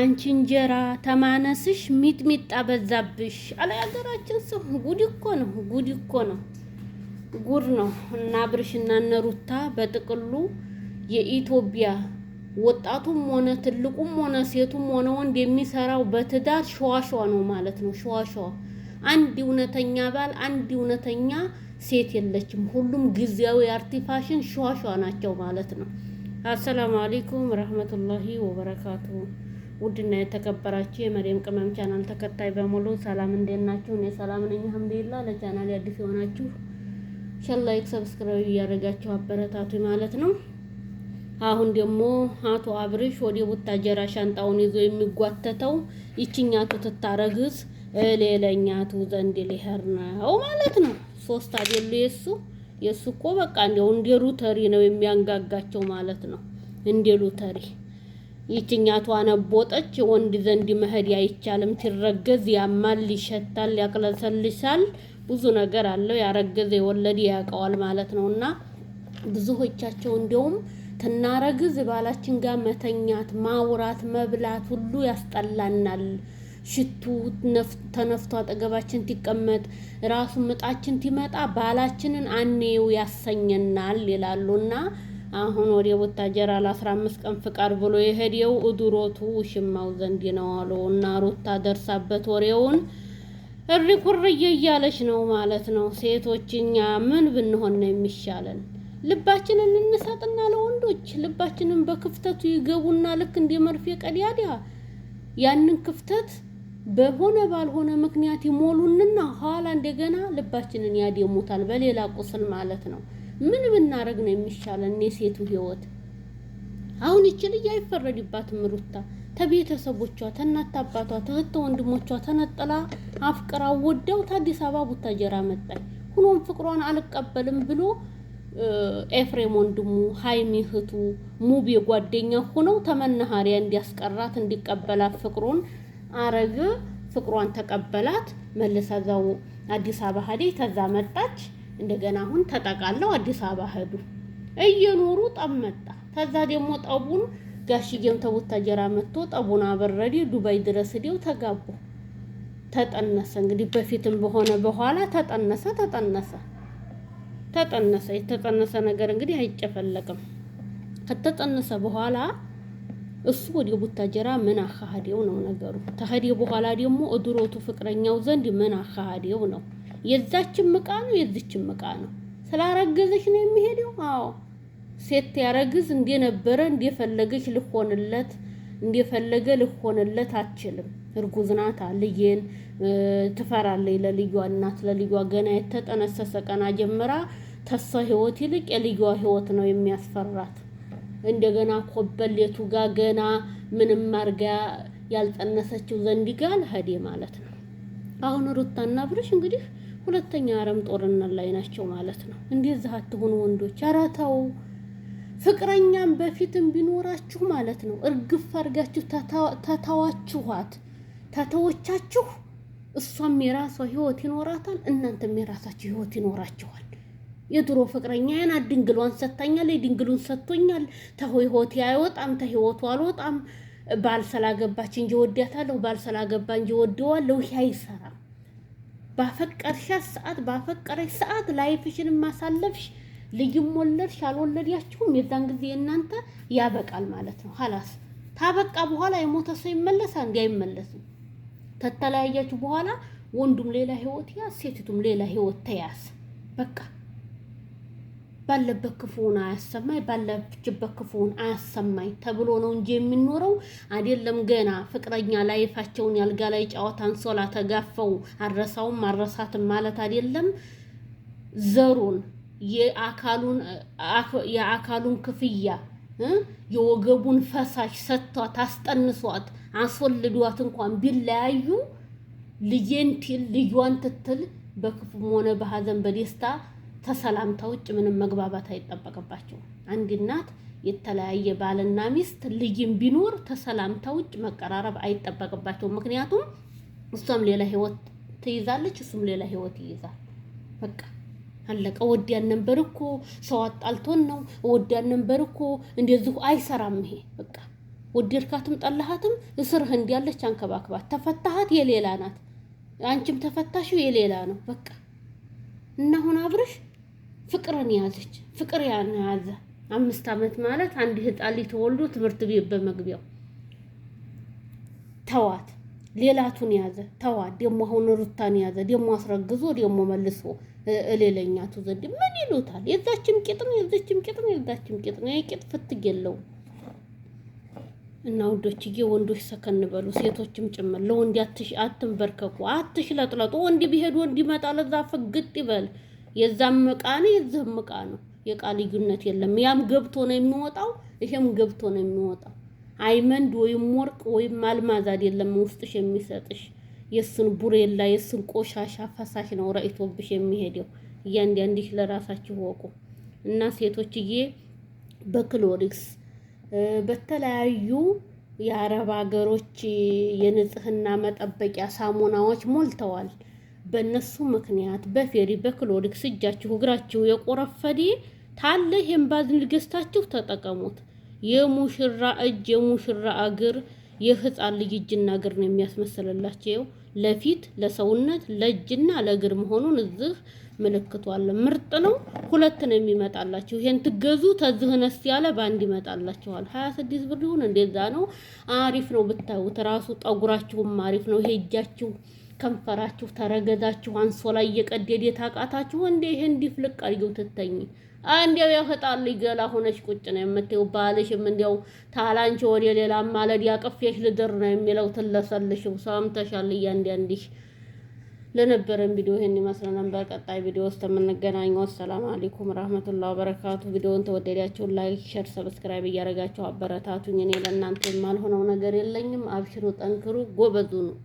አንቺ እንጀራ ተማነስሽ ሚጥሚጣ በዛብሽ አለ ያገራችን ሰው። ጉድ እኮ ነው፣ ጉድ እኮ ነው፣ ጉድ ነው። እና አብርሽና እነ ሩታ በጥቅሉ የኢትዮጵያ ወጣቱም ሆነ ትልቁም ሆነ ሴቱም ሆነ ወንድ የሚሰራው በትዳር ሸዋሸዋ ነው ማለት ነው። ሸዋሸዋ አንድ እውነተኛ ባል፣ አንድ እውነተኛ ሴት የለችም። ሁሉም ጊዜያዊ አርቲፋሽን ሸዋሸዋ ናቸው ማለት ነው። አሰላሙ አለይኩም ረህመቱላሂ ወበረካቱ። ውድና የተከበራችሁ የመሪም ቅመም ቻናል ተከታይ በሙሉ ሰላም እንዴት ናችሁ? እኔ ሰላም ነኝ አልሐምዱሊላህ። ለቻናል አዲስ የሆናችሁ ሸር፣ ላይክ፣ ሰብስክራይብ እያደረጋችሁ አበረታቱ ማለት ነው። አሁን ደግሞ አቶ አብርሽ ወደ ቡታጀራ ሻንጣውን ይዞ የሚጓተተው ይችኛቱ ትታረግስ ሌላኛቱ ዘንድ ሊሄር ነው ማለት ነው። ሶስት አይደሉ የሱ የሱ እኮ በቃ እንደው እንደ ሉተሪ ነው የሚያንጋጋቸው ማለት ነው እንደ ሉተሪ ይችኛቷ ነቦጠች ወንድ ዘንድ መሄድ አይቻልም። ሲረገዝ ያማል፣ ይሸታል፣ ያቅለሰልሳል። ብዙ ነገር አለው። ያረገዘ የወለድ ያውቀዋል ማለት ነው እና ብዙዎቻቸው እንደውም ትናረግዝ ባላችን ጋር መተኛት፣ ማውራት፣ መብላት ሁሉ ያስጠላናል። ሽቱ ተነፍቶ አጠገባችን ሲቀመጥ ራሱ ምጣችን ሲመጣ ባላችንን አንየው ያሰኘናል ይላሉና አሁን ወደ ወታጀራ ለአስራ አምስት ቀን ፍቃድ ብሎ የሄደው እድሮቱ ውሽማው ዘንድ ነው አሉ እና ሩታ ደርሳበት ወሬውን እሪ ኩርዬ እያለች ነው ማለት ነው። ሴቶች እኛ ምን ብንሆን ነው የሚሻለን? ልባችንን እንሳጥና ለወንዶች ልባችንን በክፍተቱ ይገቡና ልክ እንደ መርፌ ቀዳዳ ያንን ክፍተት በሆነ ባልሆነ ምክንያት ይሞሉንና ኋላ እንደገና ልባችንን ያደሙታል በሌላ ቁስል ማለት ነው። ምን ብናደርግ ነው የሚሻለን? የሴቱ ህይወት አሁን ይቺ ልጅ አይፈረድባትም። ሩታ ተቤተሰቦቿ፣ ተናት አባቷ፣ ተህተ ወንድሞቿ ተነጥላ አፍቅራ ወደው ታዲስ አበባ ቡታጀራ መጣች። ሁኖም ፍቅሯን አልቀበልም ብሎ ኤፍሬም ወንድሙ፣ ሀይሚ እህቱ፣ ሙቤ ጓደኛ ሆነው ተመናሃሪያ እንዲያስቀራት እንዲቀበላት ፍቅሩን አረገ። ፍቅሯን ተቀበላት። መልሳ እዛው አዲስ አበባ ሄደች። ከዛ መጣች እንደገና አሁን ተጠቃለው አዲስ አበባ ሄዱ። እየኖሩ ጠብ መጣ። ከዛ ደግሞ ጠቡን ጋሽዬም ተቡታጀራ መጥቶ ጠቡን አበረዴ ዱባይ ድረስ ሄደው ተጋቡ። ተጠነሰ እንግዲህ በፊትም በሆነ በኋላ ተጠነሰ ተጠነሰ ተጠነሰ። የተጠነሰ ነገር እንግዲህ አይጨፈለቅም። ከተጠነሰ በኋላ እሱ ወደ ቡታጀራ ምን አካሄደው ነው ነገሩ። ተሄደ በኋላ ደግሞ እድሮቱ ፍቅረኛው ዘንድ ምን አካሄደው ነው የዛችም እቃ ነው የዚችም እቃ ነው። ስላረገዘች ነው የሚሄደው። አዎ ሴት ያረግዝ እንደነበረ እንደፈለገች ልሆንለት እንደፈለገ ልሆንለት አትችልም። እርጉዝ ናታ። ልዬን ትፈራለች። ለልጇ እናት ለልጇ ገና የተጠነሰሰ ቀና ጀምራ ተሷ ህይወት ይልቅ የልዩዋ ህይወት ነው የሚያስፈራት። እንደገና ኮበሌቱ ጋር ገና ምንም አርጋ ያልጠነሰችው ዘንድ ጋ ልሄዴ ማለት ነው። አሁን ሩታና ብርሽ እንግዲህ ሁለተኛ አረም ጦርነት ላይ ናቸው ማለት ነው። እንደዛ አትሆኑ ወንዶች፣ ኧረ ተው። ፍቅረኛም በፊትም ቢኖራችሁ ማለት ነው እርግፍ አድርጋችሁ ተተዋችኋት፣ ተተወቻችሁ፣ እሷም የራሷ ህይወት ይኖራታል፣ እናንተም የራሳችሁ ህይወት ይኖራችኋል። የድሮ ፍቅረኛዬን አድንግሏን ሰጥታኛል፣ የድንግሉን ሰጥቶኛል። ተሆ ህይወቴ አይወጣም፣ ተህይወቱ አልወጣም። ባል ስላገባች እንጂ ወዲያታለሁ፣ ባል ስላገባ እንጂ ወደዋለሁ። ይህ አይሰራም። ባፈቀርሻት ሰዓት ባፈቀረሽ ሰዓት ላይፍሽን ማሳለፍሽ ልጅም ወለድሽ አልወለድያችሁም የዛን ጊዜ እናንተ ያበቃል ማለት ነው። ሀላስ ታበቃ በኋላ የሞተ ሰው ይመለሳል? እንዲ አይመለስም። ተተለያያችሁ በኋላ ወንዱም ሌላ ህይወት ያዝ፣ ሴቲቱም ሌላ ህይወት ተያዝ። በቃ ባለበት ክፉን አያሰማኝ ባለችበት ክፉን አያሰማኝ ተብሎ ነው እንጂ የሚኖረው አይደለም። ገና ፍቅረኛ ላይፋቸውን ያልጋ ላይ ጨዋታ አንሶላ ተጋፈው አረሳውም አረሳትም ማለት አይደለም። ዘሩን የአካሉን የአካሉን ክፍያ የወገቡን ፈሳሽ ሰጥቷት አስጠንሷት አስወልዷት እንኳን ቢለያዩ ልጄን ልጇን ትትል በክፉም ሆነ በሀዘን በደስታ ተሰላምታ ውጭ ምንም መግባባት አይጠበቅባቸውም። አንድ እናት የተለያየ ባልና ሚስት ልጅም ቢኖር ተሰላምታ ውጭ መቀራረብ አይጠበቅባቸውም። ምክንያቱም እሷም ሌላ ህይወት ትይዛለች፣ እሱም ሌላ ህይወት ይይዛል። በቃ አለቀ። ወዲያን ነበር እኮ ሰው አጣልቶን ነው። ወዲያን ነበር እኮ እንደዚሁ አይሰራም ይሄ በቃ ወደድካትም ጠላሃትም እስርህ እንዲያለች አንከባክባት። ተፈታሃት የሌላ ናት፣ አንቺም ተፈታሽው የሌላ ነው። በቃ እና አሁን አብረሽ ፍቅርን ያዘች። ፍቅር ያን ያዘ። አምስት ዓመት ማለት አንድ ህጣሊ ተወልዶ ትምህርት ቤት በመግቢያው ተዋት። ሌላቱን ያዘ ተዋት። ደግሞ አሁን ሩታን ያዘ። ደግሞ አስረግዞ ደግሞ መልሶ እሌለኛቱ ዘንድ ምን ይሉታል? የዛችም ቂጥ ነው፣ የዛችም ቂጥ ነው፣ የዛችም ቂጥ ነው። የቂጥ ፍትግ የለውም። እና ወንዶችዬ ወንዶች ሰከን በሉ፣ ሴቶችም ጭምር ለወንድ አትሽ አትንበርከኩ፣ አትሽለጥለጡ። ወንድ ቢሄድ ወንድ ይመጣል፣ እዛ ፍግጥ ይበል። የዛም እቃ ነው የዛም እቃ ነው። የቃ ልዩነት የለም። ያም ገብቶ ነው የሚወጣው፣ ይሄም ገብቶ ነው የሚወጣው። አይመንድ ወይም ወርቅ ወይም አልማዝ አይደለም ውስጥሽ የሚሰጥሽ የስን ቡሬላ የስን ቆሻሻ ፈሳሽ ነው ረእቶብሽ የሚሄደው። እያንዳንድሽ ለራሳችሁ ወቁ እና ሴቶችዬ በክሎሪክስ በተለያዩ የአረብ ሀገሮች የንጽህና መጠበቂያ ሳሙናዎች ሞልተዋል። በእነሱ ምክንያት በፌሪ በክሎሪክስ እጃችሁ እግራችሁ የቆረፈዲ ታለ ይሄን ባዝሊን ገዝታችሁ ተጠቀሙት። የሙሽራ እጅ የሙሽራ እግር የህፃን ልጅ እጅና እግር ነው የሚያስመስልላቸው ለፊት ለሰውነት ለእጅና ለእግር መሆኑን እዚህ ምልክቱ አለ። ምርጥ ነው። ሁለት ነው የሚመጣላችሁ። ይሄን ትገዙ ተዝህ ነስ ያለ በአንድ ይመጣላችኋል። ሀያ ስድስት ብር ይሁን እንደዛ ነው። አሪፍ ነው ብታዩት ራሱ ጠጉራችሁም አሪፍ ነው። ይሄ እጃችሁ ከንፈራችሁ ተረገዛችሁ አንሶላ እየቀደደ የታቃታችሁ እንዴ? ይሄን ዲፍልቅ አድርጊው ትተኝ እንዲያው ያፈጣል ይገላ ሆነሽ ቁጭ ነው የምትይው። ባልሽም እንዲያው ታላንቺ ወደ ሌላ ማለድ ያቀፌሽ ልድር ነው የሚለው ትለሰልሽው። ሰምተሻል። እያንዳንዲሽ ለነበረን ቪዲዮ ይሄን ነበር። ቀጣይ ቪዲዮ ውስጥ የምንገናኘው። አሰላም አለይኩም ረህመቱላሂ ወበረካቱ። ቪዲዮውን ተወደዳችሁ ላይክ፣ ሼር፣ ሰብስክራይብ እያደረጋችሁ አበረታቱኝ። እኔ ለእናንተ የማልሆነው ነገር የለኝም። አብሽሩ፣ ጠንክሩ፣ ጎበዙ ነው